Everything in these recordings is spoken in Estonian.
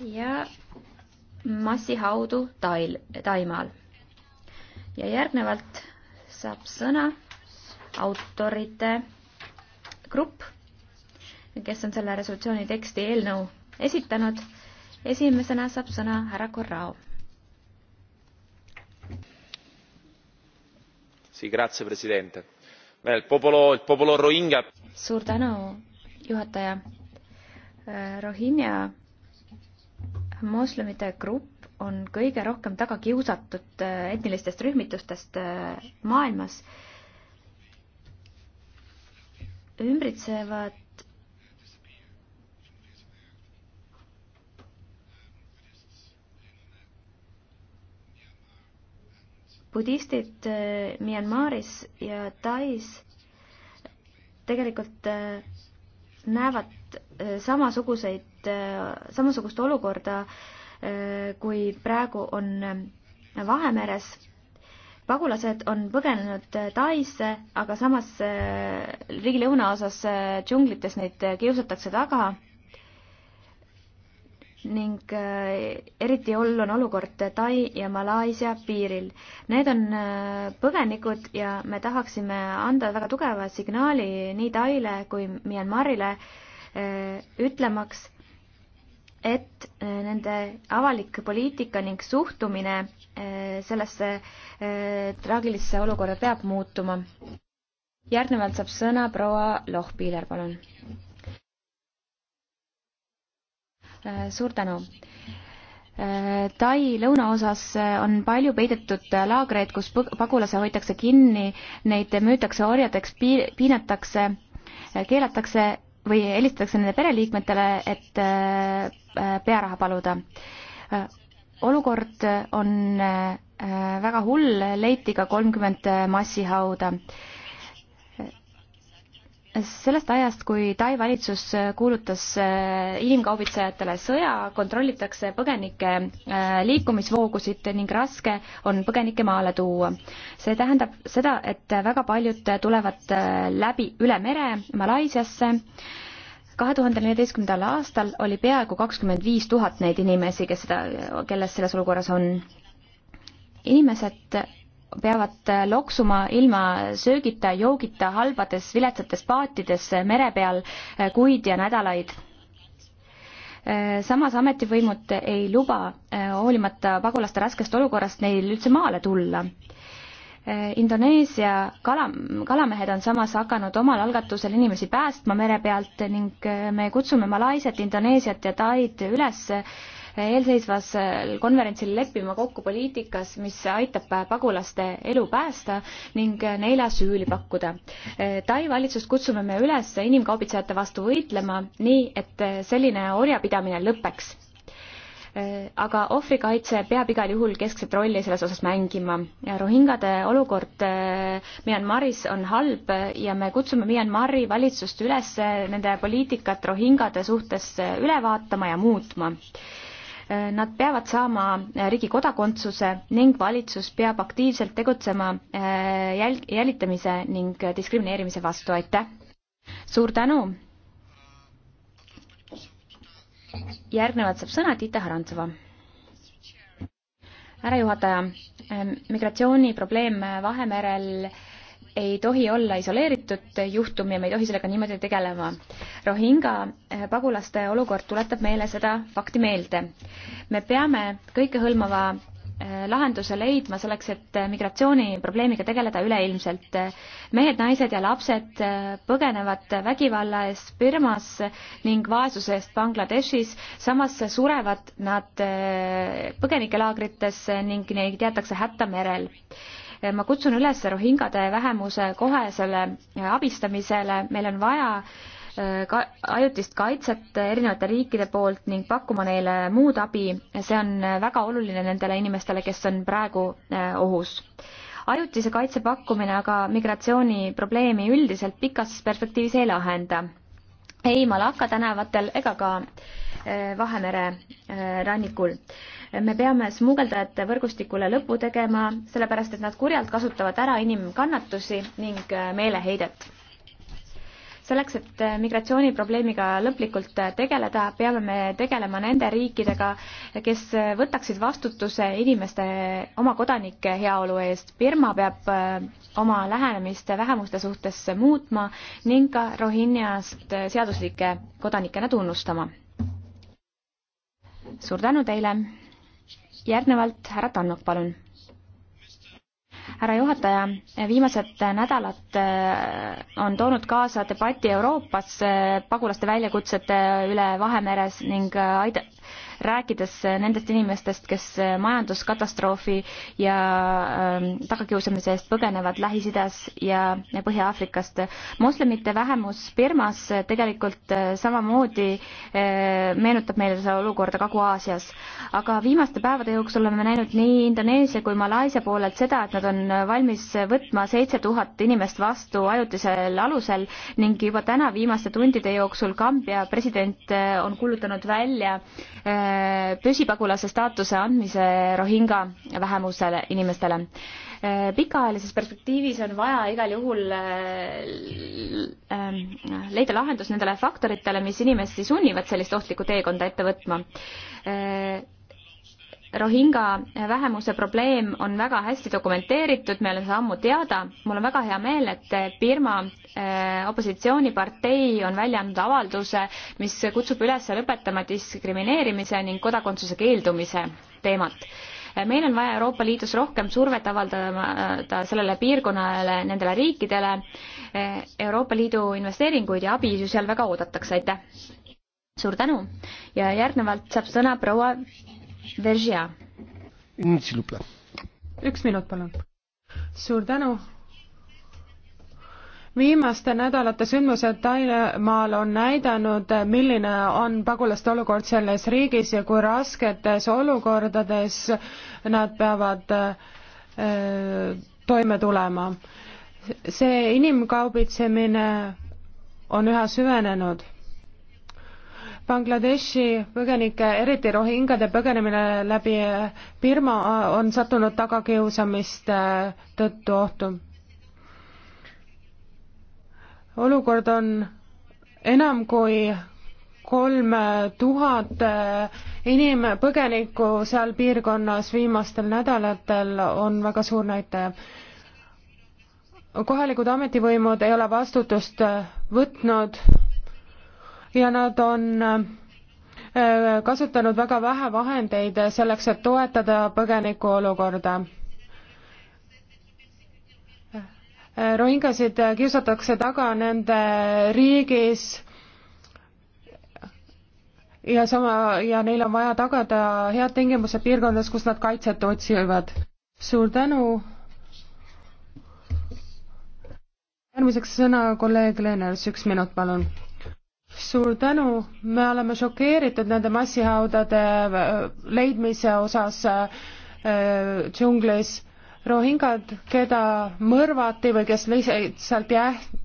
ja massihaudu Tail, Taimaal. ja järgnevalt saab sõna autorite grupp, kes on selle resolutsiooni teksti eelnõu esitanud. esimesena saab sõna härra Corrao. suur tänu, juhataja. Rohingja moslemite grupp on kõige rohkem taga kiusatud äh, etnilistest rühmitustest äh, maailmas. ümbritsevad budistid äh, Myanmaris ja Tais tegelikult näevad samasuguseid Äh, samasugust olukorda, äh, kui praegu on äh, Vahemeres. pagulased on põgenenud Taisse, aga samas riigi lõunaosas džunglites neid kiusatakse taga ning eriti hull on olukord Tai ja Malaisia piiril. Need on põgenikud ja me tahaksime anda väga tugeva signaali nii Taile kui Myanmarile, ütlemaks, et äh, nende avalik poliitika ning suhtumine äh, sellesse äh, traagilisse olukorda peab muutuma. järgnevalt saab sõna proua Lohpiiler, palun. suur tänu. Tai lõunaosas on palju peidetud laagreid, kus pagulase hoitakse kinni, neid müütakse orjadeks, piinatakse, keelatakse või helistatakse nende pereliikmetele, et Äh, pearaha paluda. Äh, olukord on äh, väga hull, leiti ka kolmkümmend massihauda. sellest ajast, kui Tai valitsus kuulutas inimkaubitsejatele sõja, kontrollitakse põgenike liikumisvoogusid ning raske on põgenikke maale tuua. see tähendab seda, et väga paljud tulevad läbi, üle mere Malaisiasse kahe tuhande neljateistkümnendal aastal oli peaaegu kakskümmend viis tuhat neid inimesi, kes seda, kelles selles olukorras on. inimesed peavad loksuma ilma söögita, joogita, halbades viletsates paatides mere peal kuid ja nädalaid. samas ametivõimud ei luba hoolimata pagulaste raskest olukorrast neil üldse maale tulla Äh, Indoneesia kala, kalamehed on samas hakanud omal algatusel inimesi päästma mere pealt ning äh, me kutsume Malaisiat, Indoneesiat ja Taid üles äh, eelseisvas konverentsil leppima kokku poliitikas, mis aitab pagulaste elu päästa ning neile asüüli pakkuda. Tai valitsust kutsume me üles inimkaubitsejate vastu võitlema, nii et selline orjapidamine lõpeks Äh, aga ohvrikaitse peab igal juhul keskset rolli selles osas mängima. Rohingade olukord äh, Myanmaris on halb ja me kutsume Myanmari valitsust üles äh, nende poliitikat Rohingade suhtes üle vaatama ja muutma. Nad peavad saama riigi kodakondsuse ning valitsus peab aktiivselt tegutsema jäl-, jälitamise ning diskrimineerimise vastu, aitäh! suur tänu! järgnevalt saab sõna Tiita Harantsova. härra juhataja, ähm, migratsiooniprobleem Vahemerel ei tohi olla isoleeritud juhtum ja me ei tohi sellega niimoodi tegelema. Rohinga äh, pagulaste olukord tuletab meile seda fakti meelde. me peame kõikehõlmava Eh, lahenduse leidma selleks, et eh, migratsiooniprobleemiga tegeleda üleilmselt. Eh, mehed, naised ja lapsed põgenevad vägivalla eest Birmas ning vaesuse eest Bangladeshis, samas surevad nad põgenikelaagrites ning neid jäetakse hätta merel ma kutsun üles rohingade vähemuse kohesele abistamisele, meil on vaja Äh, ka ajutist kaitset erinevate riikide poolt ning pakkuma neile muud abi, see on äh, väga oluline nendele inimestele, kes on praegu äh, ohus ajutise kaitse pakkumine aga migratsiooniprobleemi üldiselt pikas perspektiivis ei lahenda. ei Malaka tänavatel ega ka Vahemere rannikul. me peame smugeldajate võrgustikule lõpu tegema, sellepärast et nad kurjalt kasutavad ära inimkannatusi ning meeleheidet selleks, et äh, migratsiooniprobleemiga lõplikult äh, tegeleda, peame me tegelema nende riikidega, kes äh, võtaksid vastutuse inimeste, oma kodanike heaolu eest. Birma peab oma lähenemist vähemuste suhtes muutma ning ka Rohingyast seaduslike kodanikena tunnustama. suur tänu teile. järgnevalt härra Tannok, palun härra juhataja, viimased nädalad äh, on toonud kaasa debati Euroopas äh, pagulaste väljakutsete üle Vahemeres ning äh, aida-, rääkides nendest inimestest, kes majanduskatastroofi ja ähm, tagakiusamise eest põgenevad Lähis-Idas ja Põhja-Aafrikast. moslemite vähemus Birmas tegelikult äh, samamoodi äh, meenutab meile seda olukorda Kagu-Aasias. aga viimaste päevade jooksul oleme näinud nii Indoneesia kui Malaisia poolelt seda, et nad on valmis võtma seitse tuhat inimest vastu ajutisel alusel ning juba täna viimaste tundide jooksul Kambja president äh, on kuulutanud välja püsipagulase staatuse andmise Rohinga vähemusele inimestele. Äh, pikaajalises perspektiivis on vaja igal juhul äh, äh, leida lahendus nendele faktoritele, mis inimesi sunnivad sellist ohtlikku teekonda ette võtma Rohinga vähemuse probleem on väga hästi dokumenteeritud, me oleme seda ammu teada. mul on väga hea meel, et Birma äh, opositsioonipartei on välja andnud avalduse, mis kutsub üles lõpetama diskrimineerimise ning kodakondsuse keeldumise teemat. Äh, meil on vaja Euroopa Liidus rohkem survet avaldada äh, sellele piirkonnale, nendele riikidele. Euroopa Liidu investeeringuid ja abi ju seal väga oodatakse, aitäh! suur tänu ja järgnevalt saab sõna proua Veržia. üks minut, palun. suur tänu viimaste nädalate sündmused Taimaal on näidanud, milline on pagulaste olukord selles riigis ja kui rasketes olukordades nad peavad äh, toime tulema. see inimkaubitsemine on üha süvenenud Bangladeshi põgenike, eriti rohingade põgenemine läbi Birma on sattunud tagakiusamiste tõttu ohtu. olukord on enam kui kolm tuhat inim-, põgenikku seal piirkonnas viimastel nädalatel on väga suur näitaja. kohalikud ametivõimud ei ole vastutust võtnud ja nad on äh, kasutanud väga vähe vahendeid selleks, et toetada põgeniku olukorda. rohingasid kiusatakse taga nende riigis ja sama ja neil on vaja tagada head tingimused piirkondades, kus nad kaitset otsivad. suur tänu. järgmiseks sõna kolleeg Leeners, üks minut, palun suur tänu, me oleme šokeeritud nende massihaudade äh, leidmise osas äh, džunglis. Rohingad, keda mõrvati või kes lihtsalt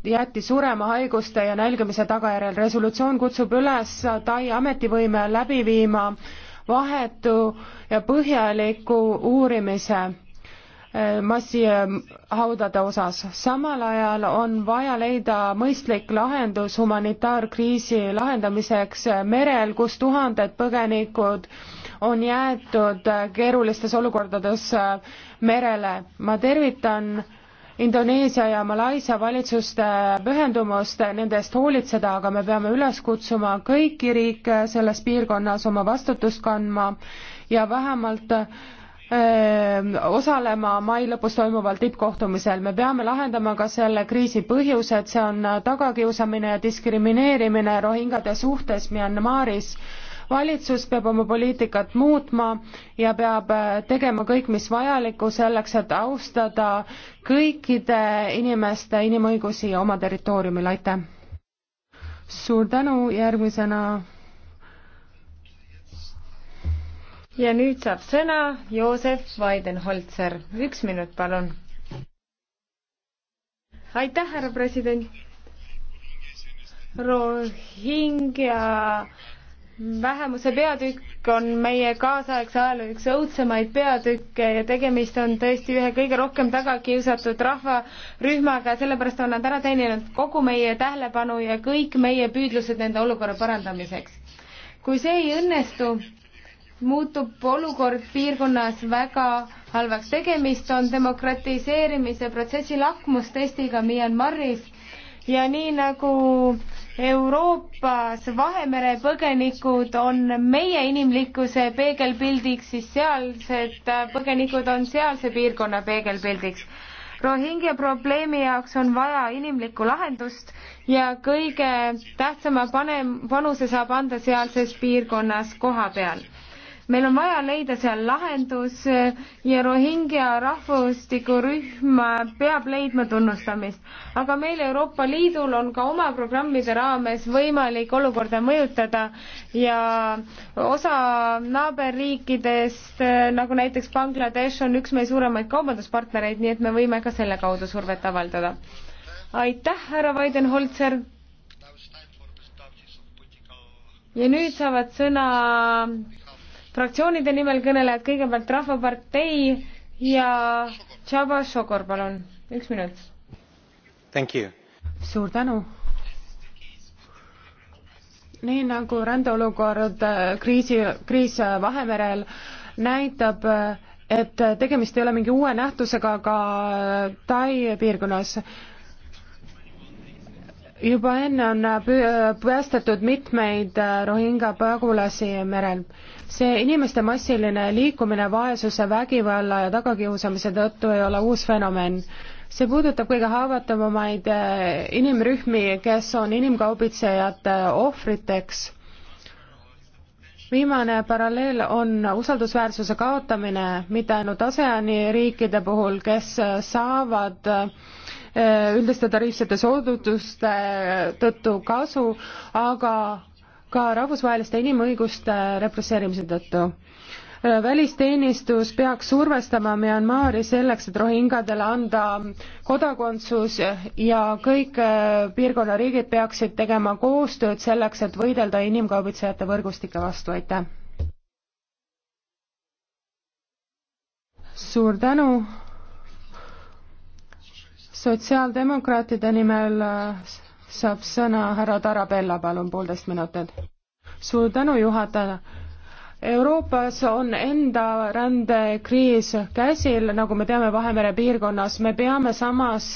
jäeti surema haiguste ja nälgimise tagajärjel. resolutsioon kutsub üles Tai ametivõime läbi viima vahetu ja põhjaliku uurimise massihaudade osas. samal ajal on vaja leida mõistlik lahendus humanitaarkriisi lahendamiseks merel, kus tuhanded põgenikud on jäetud keerulistes olukordades merele. ma tervitan Indoneesia ja Malaisia valitsuste pühendumust nende eest hoolitseda, aga me peame üles kutsuma kõiki riike selles piirkonnas oma vastutust kandma ja vähemalt äh, Ehm, osalema mai lõpus toimuval tippkohtumisel. me peame lahendama ka selle kriisi põhjused, see on tagakiusamine ja diskrimineerimine rohingade suhtes Myanmaris. valitsus peab oma poliitikat muutma ja peab äh, tegema kõik, mis vajalikku selleks, et austada kõikide inimeste inimõigusi oma territooriumil, aitäh! suur tänu, järgmisena ja nüüd saab sõna Joosef Weidenholzer, üks minut, palun. aitäh, härra president. Rohingja vähemuse peatükk on meie kaasaegse ajaloo üks õudsemaid peatükke ja tegemist on tõesti ühe kõige rohkem tagakiusatud rahvarühmaga, sellepärast on nad ära teeninud kogu meie tähelepanu ja kõik meie püüdlused nende olukorra parandamiseks. kui see ei õnnestu, muutub olukord piirkonnas väga halvaks. tegemist on demokratiseerimise protsessi lakmustestiga Myanmaris ja nii nagu Euroopas Vahemere põgenikud on meie inimlikkuse peegelpildiks, siis sealsed põgenikud on sealse piirkonna peegelpildiks. Rohingja probleemi jaoks on vaja inimlikku lahendust ja kõige tähtsama pane-, panuse saab anda sealses piirkonnas koha peal meil on vaja leida seal lahendus ja Rohingja rahvastikurühm peab leidma tunnustamist. aga meil Euroopa Liidul on ka oma programmide raames võimalik olukorda mõjutada ja osa naaberriikidest, nagu näiteks Bangladesh, on üks meie suuremaid kaubanduspartnereid, nii et me võime ka selle kaudu survet avaldada. aitäh, härra Weidenholzer! ja nüüd saavad sõna fraktsioonide nimel kõnelejad, kõigepealt Rahvapartei ja Tšaba Šokor, palun, üks minut. suur tänu nii nagu rändeolukord, äh, kriisi, kriis äh, Vahemerel näitab, äh, et tegemist ei ole mingi uue nähtusega ka Tai piirkonnas juba enne on äh, äh, päästetud mitmeid äh, Rohingja pagulasi merel. see inimeste massiline liikumine vaesuse, vägivalla ja tagakiusamise tõttu ei ole uus fenomen. see puudutab kõige haavatavamaid inimrühmi, kes on inimkaubitsejate ohvriteks. viimane paralleel on usaldusväärsuse kaotamine mitte ainult ASEAN-i riikide puhul, kes saavad Äh, üldiste tariifsete soodustuste äh, tõttu kasu, aga ka rahvusvaheliste inimõiguste äh, represseerimise tõttu välisteenistus peaks survestama Myanmari selleks, et rohingadele anda kodakondsus ja kõik piirkonna riigid peaksid tegema koostööd selleks, et võidelda inimkaubitsejate võrgustike vastu, aitäh! suur tänu! sotsiaaldemokraatide nimel äh, saab sõna härra Tarabella, palun, poolteist minutit. suur tänu, juhataja. Euroopas on enda rändekriis käsil, nagu me teame, Vahemere piirkonnas, me peame samas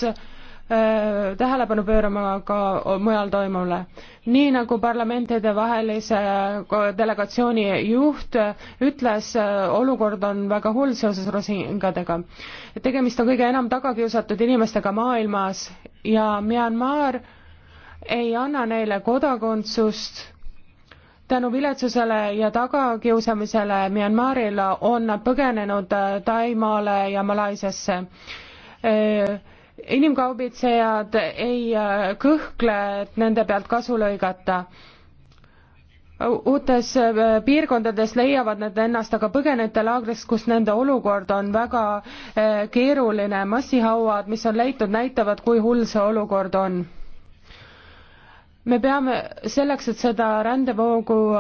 Äh, tähelepanu pöörama ka mujal toimuvale. nii nagu parlamentidevahelise äh, delegatsiooni juht äh, ütles, olukord on väga hull seoses rosingadega. tegemist on kõige enam tagakiusatud inimestega maailmas ja Myanmar ei anna neile kodakondsust tänu viletsusele ja tagakiusamisele Myanmaril on nad põgenenud Taimaale ja Malaisiasse inimkaubitsejad ei äh, kõhkle, et nende pealt kasu lõigata. uutes äh, piirkondades leiavad nad ennast aga põgenete laagrist, kus nende olukord on väga äh, keeruline. massihauad, mis on leitud, näitavad, kui hull see olukord on. me peame selleks, et seda rändevoogu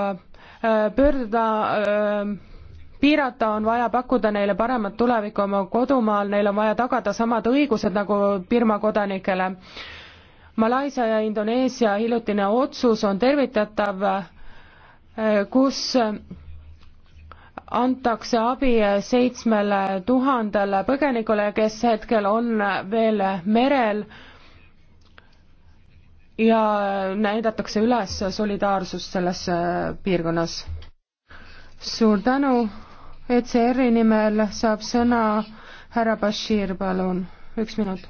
pöörduda piirata, on vaja pakkuda neile paremat tulevikku oma kodumaal, neil on vaja tagada samad õigused nagu Birma kodanikele. Malaisia ja Indoneesia hiljutine otsus on tervitatav, eh, kus antakse abi seitsmele tuhandele põgenikule, kes hetkel on veel merel ja näidatakse üles solidaarsust selles eh, piirkonnas. suur tänu. ECR-i nimel saab sõna härra Bashir, palun, üks minut.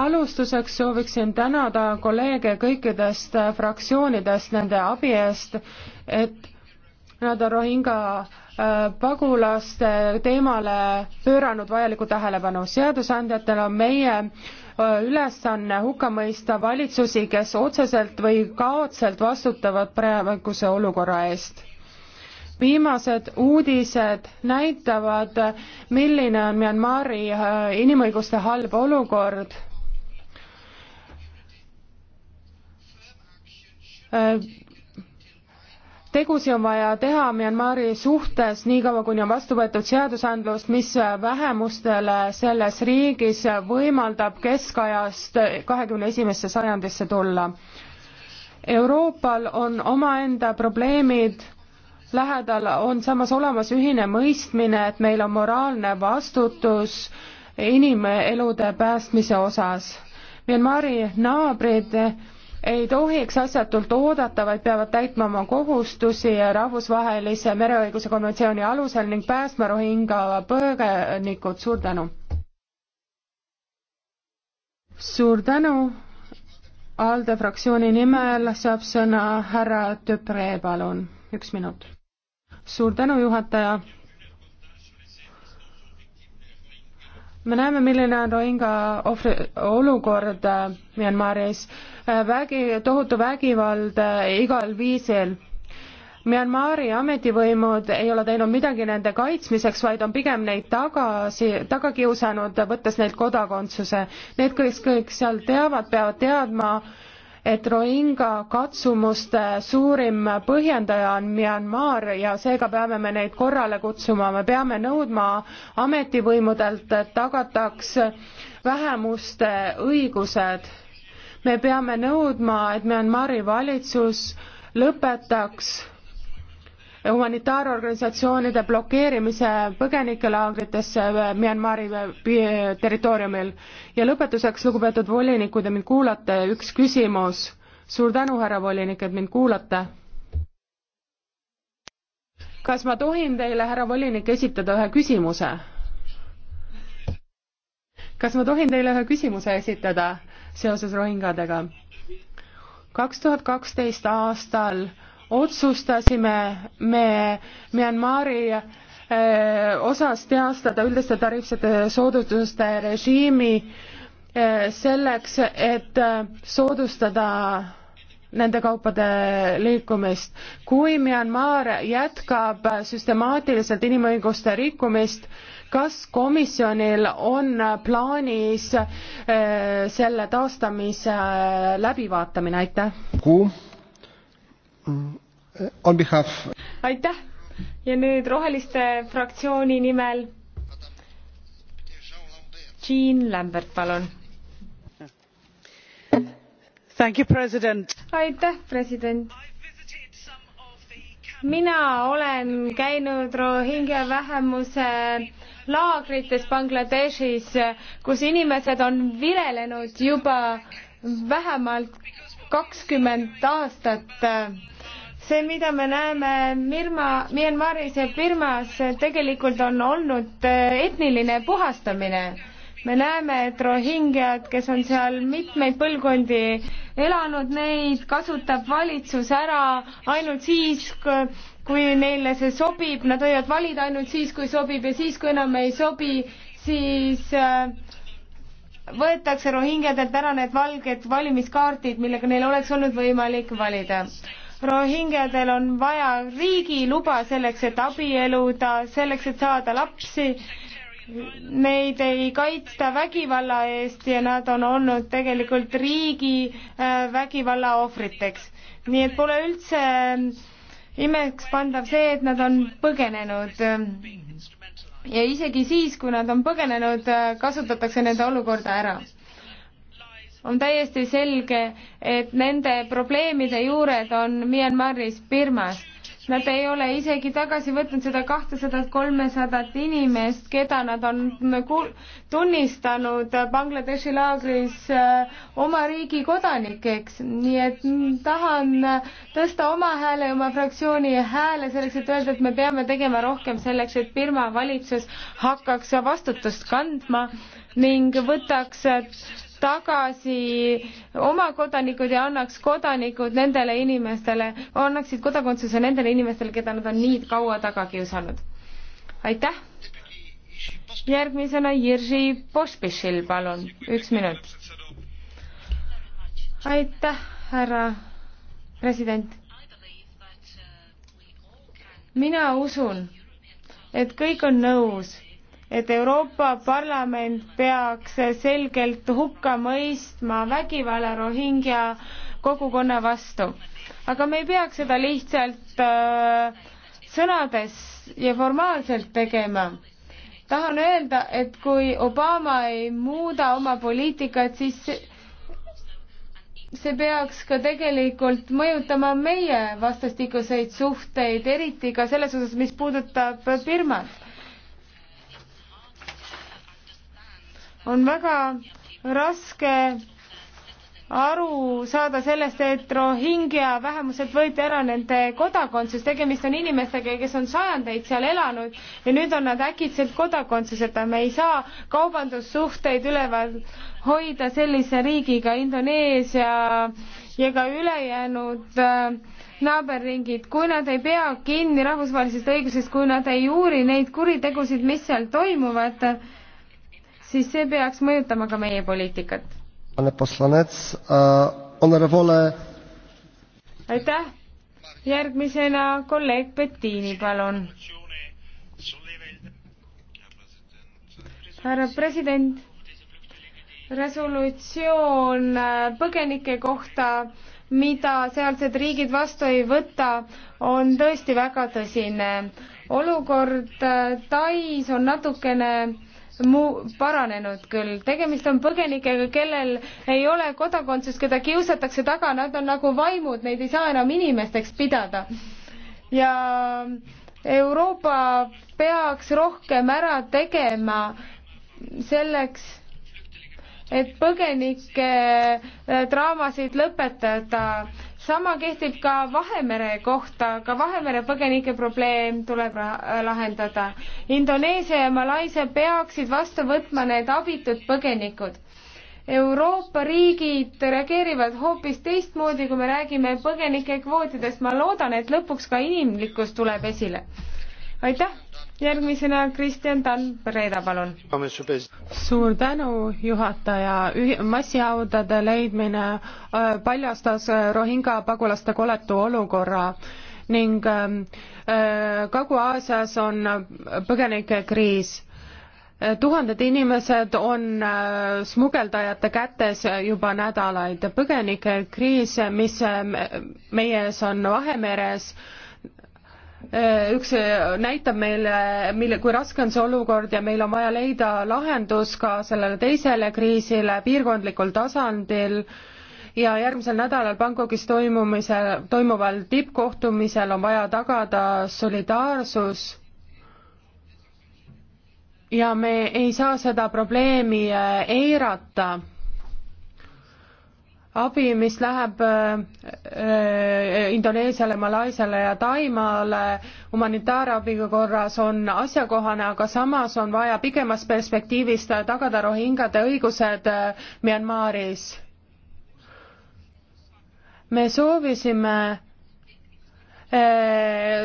alustuseks sooviksin tänada kolleege kõikidest fraktsioonidest nende abi eest, et nad on Rohinga äh, pagulaste teemale pööranud vajalikku tähelepanu. seadusandjatel on meie äh, ülesanne hukka mõista valitsusi, kes otseselt või kaudselt vastutavad praeguse olukorra eest viimased uudised näitavad, milline on Myanmari äh, inimõiguste halb olukord. Äh, tegusi on vaja teha Myanmari suhtes niikaua, kuni on vastu võetud seadusandlust, mis vähemustele selles riigis võimaldab keskajast kahekümne esimesse sajandisse tulla. Euroopal on omaenda probleemid lähedal on samas olemas ühine mõistmine, et meil on moraalne vastutus inimelude päästmise osas. Myanmari naabrid ei tohiks asjatult oodata, vaid peavad täitma oma kohustusi rahvusvahelise mereõiguse konventsiooni alusel ning päästma Rohinga põgenikud, suur tänu! suur tänu, ALDE fraktsiooni nimel saab sõna härra Tüpre, palun, üks minut suur tänu, juhataja. me näeme, milline on Rohinga ohvri, olukord äh, Myanmaris. Äh, vägi, tohutu vägivald äh, igal viisil Myanmari ametivõimud ei ole teinud midagi nende kaitsmiseks, vaid on pigem neid tagasi, taga kiusanud, võttes neilt kodakondsuse. Need, kes kõik seal teavad, peavad teadma, et Rohingya katsumuste suurim põhjendaja on Myanmar ja seega peame me neid korrale kutsuma, me peame nõudma ametivõimudelt, et tagataks vähemuste õigused. me peame nõudma, et Myanmari valitsus lõpetaks humanitaarorganisatsioonide blokeerimise põgenikelaagritesse Myanmari territooriumil. ja lõpetuseks, lugupeetud volinik, kui te mind kuulate, üks küsimus. suur tänu, härra volinik, et mind kuulate. kas ma tohin teile, härra volinik, esitada ühe küsimuse? kas ma tohin teile ühe küsimuse esitada seoses rohingadega? kaks tuhat kaksteist aastal otsustasime me Myanmari eh, osas teastada üldiste tariifsete soodustuste režiimi eh, selleks, et eh, soodustada nende kaupade liikumist. kui Myanmar jätkab süstemaatiliselt inimõiguste rikkumist, kas komisjonil on plaanis selle taastamise läbivaatamine, aitäh? kuu Behalf... aitäh ja nüüd Roheliste fraktsiooni nimel Jean Lambert, palun. aitäh, president mina olen käinud Rohingja vähemuse laagrites Bangladeshis, kus inimesed on virelenud juba vähemalt kakskümmend aastat see, mida me näeme Mirma, Myanmaris ja Birmas, tegelikult on olnud eh, etniline puhastamine. me näeme, et rohingjad, kes on seal mitmeid põlvkondi elanud, neid kasutab valitsus ära ainult siis, kui neile see sobib, nad võivad valida ainult siis, kui sobib ja siis, kui enam ei sobi, siis äh, võetakse rohingjadelt ära need valged valimiskaardid, millega neil oleks olnud võimalik valida rohingjadel on vaja riigi luba selleks, et abielluda, selleks, et saada lapsi. Neid ei kaitsta vägivalla eest ja nad on olnud tegelikult riigi äh, vägivalla ohvriteks. nii et pole üldse äh, imekspandav see, et nad on põgenenud. ja isegi siis, kui nad on põgenenud, äh, kasutatakse nende olukorda ära on täiesti selge, et nende probleemide juured on Myanmaris, Birmas. Nad ei ole isegi tagasi võtnud seda kahtesadat, kolmesadat inimest, keda nad on nagu tunnistanud Bangladeshi laagris äh, oma riigi kodanikeks. nii et tahan tõsta oma hääle ja oma fraktsiooni hääle selleks, et öelda, et me peame tegema rohkem selleks, et Birma valitsus hakkaks vastutust kandma ning võtaks tagasi oma kodanikud ja annaks kodanikud nendele inimestele, annaksid kodakondsuse nendele inimestele, keda nad on nii kaua taga kiusanud. aitäh! järgmisena Jirži Pospišil, palun, üks minut. aitäh, härra president. mina usun, et kõik on nõus et Euroopa Parlament peaks selgelt hukka mõistma vägivalla Rohingja kogukonna vastu. aga me ei peaks seda lihtsalt äh, sõnades ja formaalselt tegema. tahan öelda, et kui Obama ei muuda oma poliitikat, siis see peaks ka tegelikult mõjutama meie vastastikuseid suhteid, eriti ka selles osas, mis puudutab Birmat on väga raske aru saada sellest, et Rohingja vähemuselt võeti ära nende kodakondsus, tegemist on inimestega, kes on sajandeid seal elanud ja nüüd on nad äkitselt kodakondsuseta, me ei saa kaubandussuhteid üleval hoida sellise riigiga Indoneesia ja ka ülejäänud äh, naaberringid, kui nad ei pea kinni rahvusvahelisest õigusest, kui nad ei uuri neid kuritegusid, mis seal toimuvad äh,, siis see peaks mõjutama ka meie poliitikat. aitäh, järgmisena kolleeg Bettini, palun. härra president, resolutsioon äh, põgenike kohta mida sealsed riigid vastu ei võta, on tõesti väga tõsine. olukord äh, Tais on natukene mu-, paranenud küll. tegemist on põgenikega, kellel ei ole kodakondsust, keda kiusatakse taga, nad on nagu vaimud, neid ei saa enam inimesteks pidada. ja Euroopa peaks rohkem ära tegema selleks, et põgenike äh, draamasid lõpetada sama kehtib ka Vahemere kohta, ka Vahemere põgenike probleem tuleb lahendada. Indoneesia ja Malaisia peaksid vastu võtma need abitud põgenikud. Euroopa riigid reageerivad hoopis teistmoodi, kui me räägime põgenike kvootidest. ma loodan, et lõpuks ka inimlikkus tuleb esile aitäh, järgmisena Kristjan Talbreda, palun. suur tänu, juhataja, massihaudade leidmine äh, paljastas äh, Rohinga pagulaste koletu olukorra ning ähm, äh, Kagu-Aasias on põgenikekriis tuhanded inimesed on smugeldajate kätes juba nädalaid. põgenikekriis, mis meie ees on Vahemeres, Äh, üks äh, näitab meile, mille, kui raske on see olukord ja meil on vaja leida lahendus ka sellele teisele kriisile piirkondlikul tasandil ja järgmisel nädalal Bangkokis toimumisel, toimuval tippkohtumisel on vaja tagada solidaarsus ja me ei saa seda probleemi äh, eirata abi, mis läheb äh, äh, Indoneesiale, Malaisiale ja Taimaale humanitaarabi korras, on asjakohane, aga samas on vaja pikemas perspektiivis tagada rohingade õigused äh, Myanmaris. me soovisime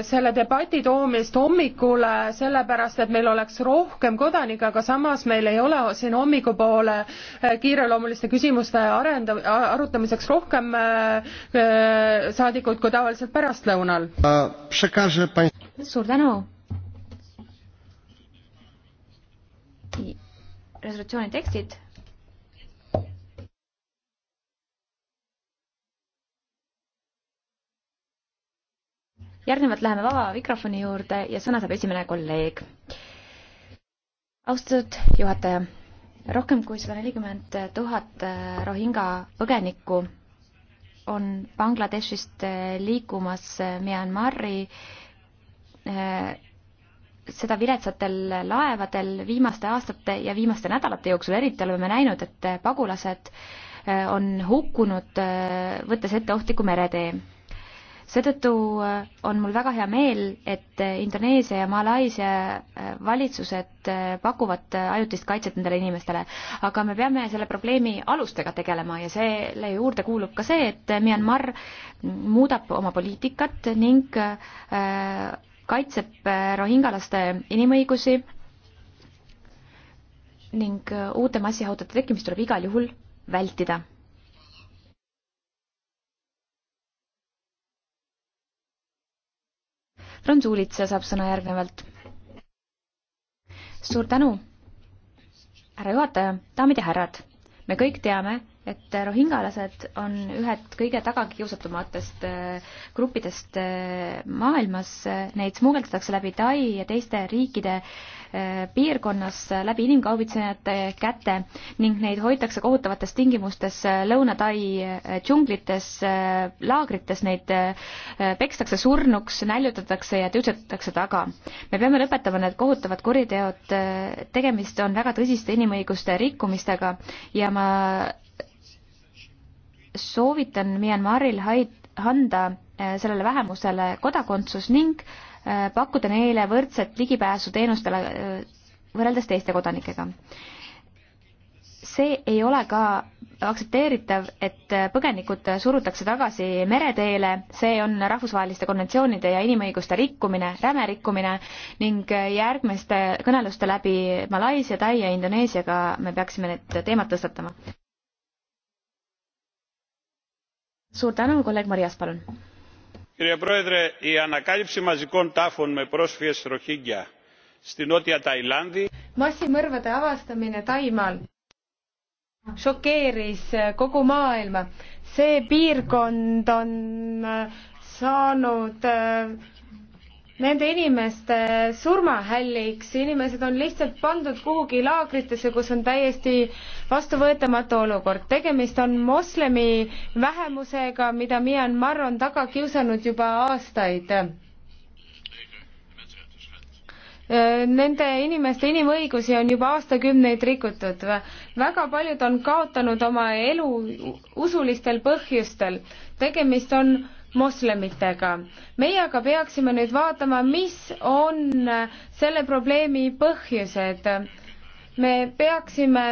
selle debati toomist hommikule, sellepärast et meil oleks rohkem kodanikke, aga samas meil ei ole siin hommikupoole eh, kiireloomuliste küsimuste arenda-, arutamiseks rohkem eh, eh, saadikuid kui tavaliselt pärastlõunal. suur tänu. resolutsiooni tekstid järgnevalt läheme vaba mikrofoni juurde ja sõna saab esimene kolleeg. austatud juhataja, rohkem kui sada nelikümmend tuhat äh, Rohinga põgenikku on Bangladeshist äh, liikumas äh, Myanmari seda viletsatel laevadel viimaste aastate ja viimaste nädalate jooksul eriti oleme näinud, et pagulased on hukkunud, võttes ette ohtliku meretee seetõttu äh, on mul väga hea meel, et äh, Indoneesia ja Malaisia äh, valitsused pakuvad ajutist kaitset nendele inimestele. aga me peame selle probleemi alustega tegelema ja selle juurde kuulub ka see, et Myanmar muudab oma poliitikat ning kaitseb rohingalaste inimõigusi ning uute massihaudade tekkimist tuleb igal juhul vältida Ron Suulitsa saab sõna järgnevalt. suur tänu, härra juhataja, daamid ja härrad, me kõik teame, et rohingalased on ühed kõige tagakiusatumatest äh, gruppidest äh, maailmas, neid smugeldatakse läbi Tai ja teiste riikide äh, piirkonnas läbi inimkaubitsejate käte ning neid hoitakse kohutavates tingimustes Lõuna-Tai džunglites, laagrites, neid pekstakse surnuks, näljutatakse ja tüsetatakse taga. me peame lõpetama need kohutavad kuriteod, tegemist on väga tõsiste inimõiguste rikkumistega ja ma soovitan Myanmaril anda äh, sellele vähemusele kodakondsus ning äh, pakkuda neile võrdset ligipääsu teenustele äh, võrreldes teiste kodanikega. see ei ole ka aktsepteeritav, et põgenikud surutakse tagasi mereteele, see on rahvusvaheliste konventsioonide ja inimõiguste rikkumine, räme rikkumine ning järgmiste kõneluste läbi Malaisia, Tai ja Indoneesiaga me peaksime need teemad tõstatama suur tänu, kolleeg Marias, palun. massimõrvade avastamine Taimaal šokeeris kogu maailma. see piirkond on saanud äh, nende inimeste surmahälliks, inimesed on lihtsalt pandud kuhugi laagritesse, kus on täiesti vastuvõetamatu olukord. tegemist on moslemi vähemusega, mida Myanmar on taga kiusanud juba aastaid. Nende inimeste inimõigusi on juba aastakümneid rikutud. väga paljud on kaotanud oma elu usulistel põhjustel. tegemist on moslemitega. meie aga peaksime nüüd vaatama, mis on selle probleemi põhjused. me peaksime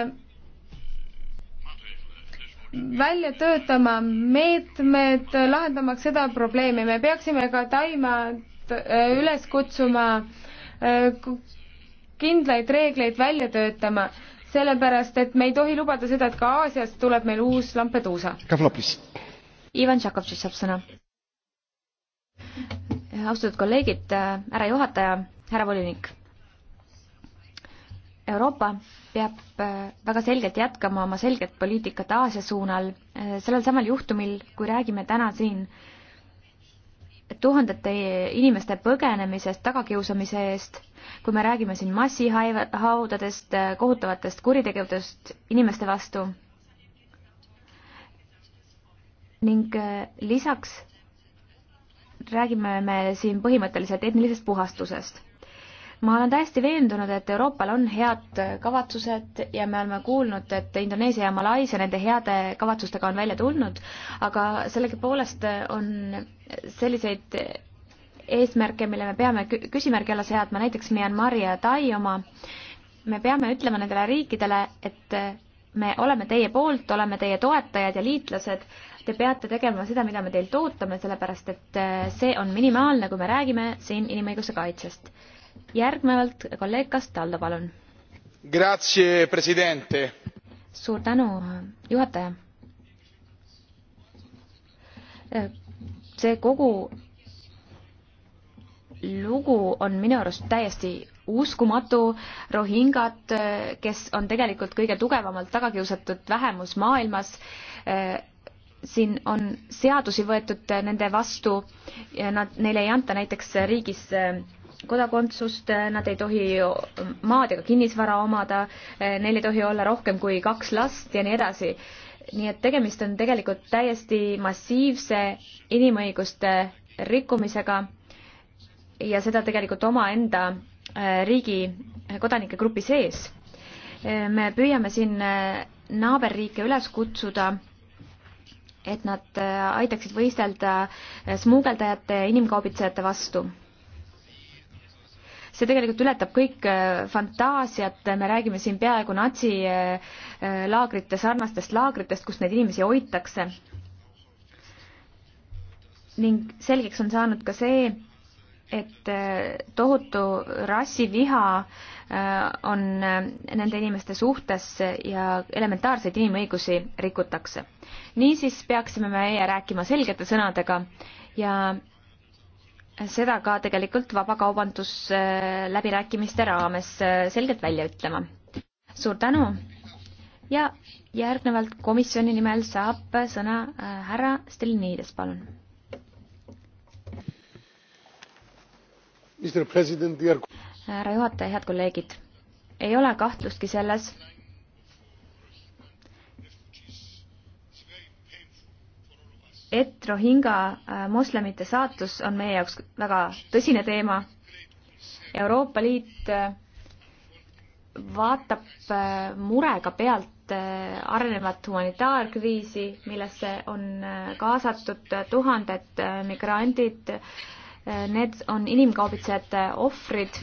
välja töötama meetmed, lahendamaks seda probleemi, me peaksime ka Taimaad äh, üles kutsuma äh, kindlaid reegleid välja töötama, sellepärast et me ei tohi lubada seda, et ka Aasiast tuleb meil uus Lampeduusa. Ivan Tšakovtšis saab sõna austatud kolleegid, härra juhataja, härra volinik. Euroopa peab äh, väga selgelt jätkama oma selget poliitikat Aasia suunal. Äh, sellel samal juhtumil, kui räägime täna siin tuhandete inimeste põgenemisest, tagakiusamise eest, kui me räägime siin massihaudadest, äh, kohutavatest kuritegevusest inimeste vastu ning lisaks räägime me siin põhimõtteliselt etnilisest puhastusest. ma olen täiesti veendunud, et Euroopal on head kavatsused ja me oleme kuulnud, et Indoneesia ja Malaisia nende heade kavatsustega on välja tulnud, aga sellegipoolest on selliseid eesmärke, mille me peame küsimärgi alla seadma, näiteks Myanmari ja Tai oma, me peame ütlema nendele riikidele, et me oleme teie poolt, oleme teie toetajad ja liitlased, Te peate tegema seda, mida me teilt ootame, sellepärast et äh, see on minimaalne, kui me räägime siin inimõiguse kaitsest. järgnevalt kolleeg Castaldo, palun. suur tänu, juhataja. Äh, see kogu lugu on minu arust täiesti uskumatu, rohingad, äh, kes on tegelikult kõige tugevamalt tagakiusatud vähemus maailmas, siin on seadusi võetud nende vastu ja nad, neile ei anta näiteks riigis äh, kodakondsust, äh, nad ei tohi maad ega kinnisvara omada, äh, neil ei tohi olla rohkem kui kaks last ja nii edasi. nii et tegemist on tegelikult täiesti massiivse inimõiguste rikkumisega ja seda tegelikult omaenda riigi kodanike grupi sees. me püüame siin naaberriike üles kutsuda et nad äh, aitaksid võistelda äh, smuugeldajate ja inimkaubitsejate vastu. see tegelikult ületab kõik äh, fantaasiat, me räägime siin peaaegu natsilaagrite sarnastest laagritest, kus neid inimesi hoitakse. ning selgeks on saanud ka see, et tohutu rassiviha äh, Äh, on äh, nende inimeste suhtes ja elementaarseid inimõigusi rikutakse. niisiis peaksime meie rääkima selgete sõnadega ja seda ka tegelikult vabakaubandusläbirääkimiste raames äh, selgelt välja ütlema. suur tänu ja järgnevalt komisjoni nimel saab sõna härra Stelnides, palun härra juhataja, head kolleegid, ei ole kahtlustki selles, et Rohinga äh, moslemite saatus on meie jaoks väga tõsine teema. Euroopa Liit äh, vaatab äh, murega pealt arenevat humanitaarkriisi, millesse on kaasatud tuhanded migrandid. Need on inimkaubitsejate ohvrid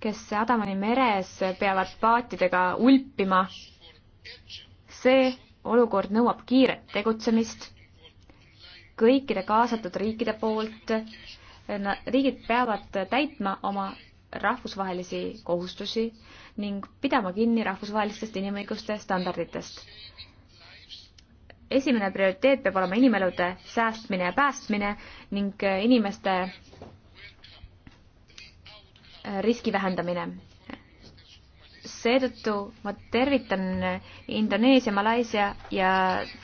kes Adamani meres peavad paatidega ulpima. see olukord nõuab kiiret tegutsemist kõikide kaasatud riikide poolt. riigid peavad täitma oma rahvusvahelisi kohustusi ning pidama kinni rahvusvahelistest inimõiguste standarditest. esimene prioriteet peab olema inimelude säästmine ja päästmine ning inimeste riski vähendamine. seetõttu ma tervitan Indoneesia, Malaisia ja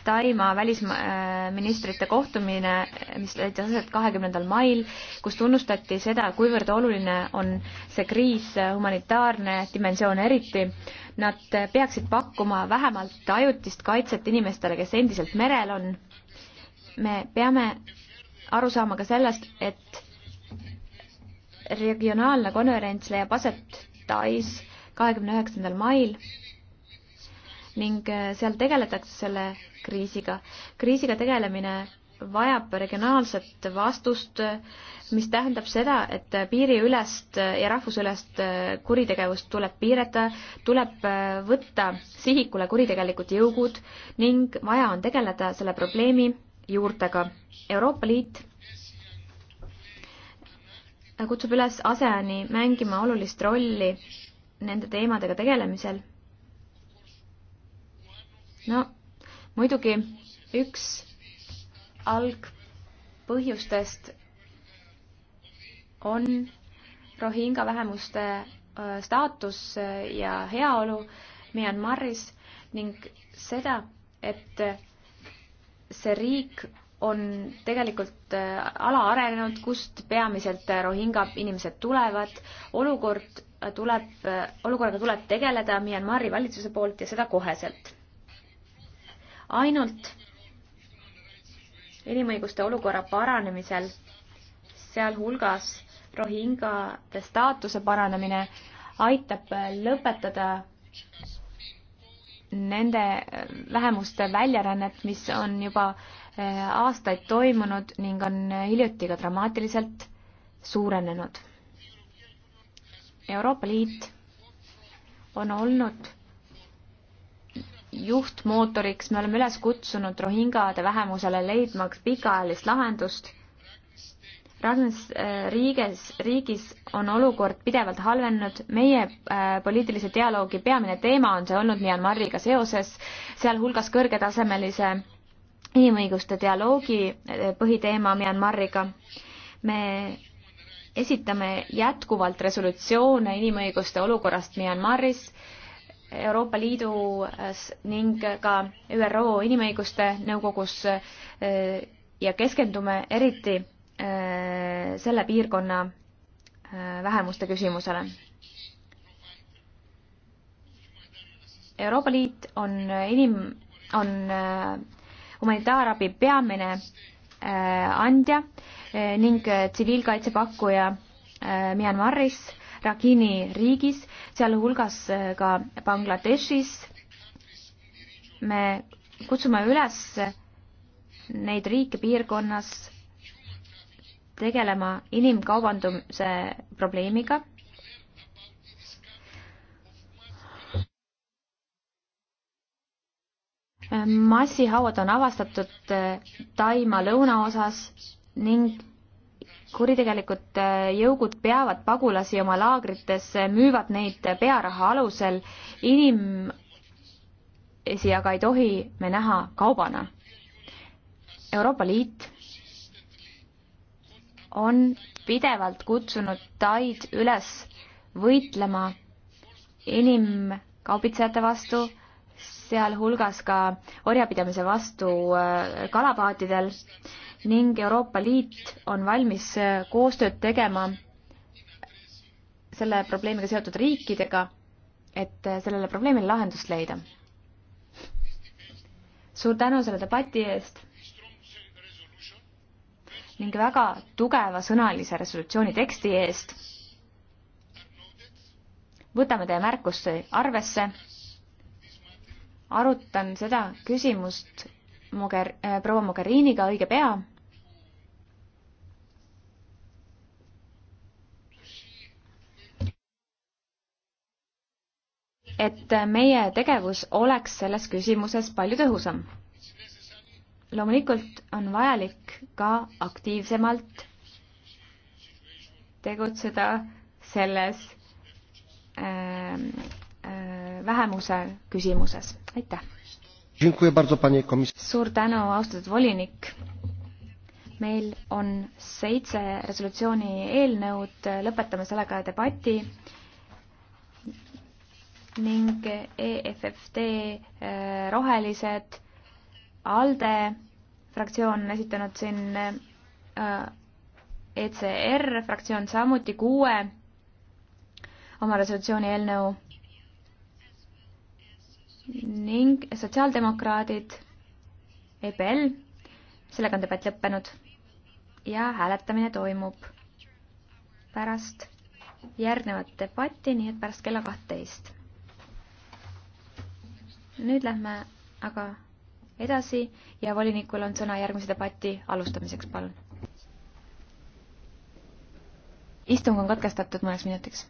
Taimaa välisministrite kohtumine, mis leidis aset kahekümnendal mail, kus tunnustati seda, kuivõrd oluline on see kriis, humanitaarne dimensioon eriti. Nad peaksid pakkuma vähemalt ajutist kaitset inimestele, kes endiselt merel on. me peame aru saama ka sellest, et regionaalne konverents leiab aset Tais kahekümne üheksandal mail ning äh, seal tegeletakse selle kriisiga. kriisiga tegelemine vajab regionaalset vastust, mis tähendab seda, et piiriülest ja rahvusülest äh, kuritegevust tuleb piirata, tuleb äh, võtta sihikule kuritegelikud jõugud ning vaja on tegeleda selle probleemi juurtega. Euroopa Liit kutsub üles ASEAN-i mängima olulist rolli nende teemadega tegelemisel. no muidugi üks algpõhjustest on Rohinga vähemuste äh, staatus äh, ja heaolu Myanmaris ning seda, et see riik on tegelikult äh, alaarenenud, kust peamiselt äh, Rohingab inimesed tulevad. olukord äh, tuleb, olukorraga tuleb tegeleda Myanmari valitsuse poolt ja seda koheselt. ainult inimõiguste olukorra paranemisel, sealhulgas Rohingade staatuse paranemine, aitab lõpetada nende vähemuste väljarännet, mis on juba äh, Eh, aastaid toimunud ning on hiljuti ka dramaatiliselt suurenenud. Euroopa Liit on olnud juhtmootoriks, me oleme üles kutsunud rohingade vähemusele leidmaks pikaajalist lahendust. Ragnas eh, riiges, riigis on olukord pidevalt halvenenud, meie äh, poliitilise dialoogi peamine teema on see olnud Myanmariga seoses, sealhulgas kõrgetasemelise äh, inimõiguste dialoogi eh, põhiteema Myanmariga. me esitame jätkuvalt resolutsioone inimõiguste olukorrast Myanmaris Euroopa Liidus ning ka ÜRO Inimõiguste Nõukogus eh, ja keskendume eriti eh, selle piirkonna vähemuste küsimusele. Euroopa Liit on inim-, on humanitaarabi peamine äh, andja äh, ning äh, tsiviilkaitse pakkuja Myanmaris, Rakhini riigis, sealhulgas ka Bangladeshis. me kutsume üles neid riike piirkonnas tegelema inimkaubanduse probleemiga massihauad on avastatud eh, Taima lõunaosas ning kuritegelikud eh, jõugud peavad pagulasi oma laagritesse, müüvad neid pearaha alusel, inimesi aga ei tohi me näha kaubana. Euroopa Liit on pidevalt kutsunud Taid üles võitlema inimkaubitsejate vastu sealhulgas ka orjapidamise vastu äh, kalapaatidel ning Euroopa Liit on valmis äh, koostööd tegema selle probleemiga seotud riikidega, et äh, sellele probleemile lahendust leida. suur tänu selle debati eest ning väga tugeva sõnalise resolutsiooni teksti eest. võtame teie märkusi arvesse arutan seda küsimust Moger-, äh, proua Mogheriniga õige pea. et meie tegevus oleks selles küsimuses palju tõhusam. loomulikult on vajalik ka aktiivsemalt tegutseda selles äh, vähemuse küsimuses, aitäh! suur tänu, austatud volinik! meil on seitse resolutsiooni eelnõud, lõpetame sellega debati ning EFFD äh, Rohelised, ALDE fraktsioon on esitanud siin äh, ECR fraktsioon samuti kuue oma resolutsiooni eelnõu ning sotsiaaldemokraadid EPL. sellega on debatt lõppenud ja hääletamine toimub pärast järgnevat debatti, nii et pärast kella kahtteist. nüüd lähme aga edasi ja volinikul on sõna järgmise debati alustamiseks, palun. istung on katkestatud mõneks minutiks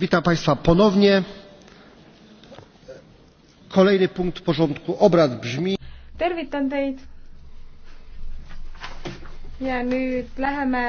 witam państwa ponownie. kolejny punkt porządku obrad brzmi tervitan teid ja nüüd läheme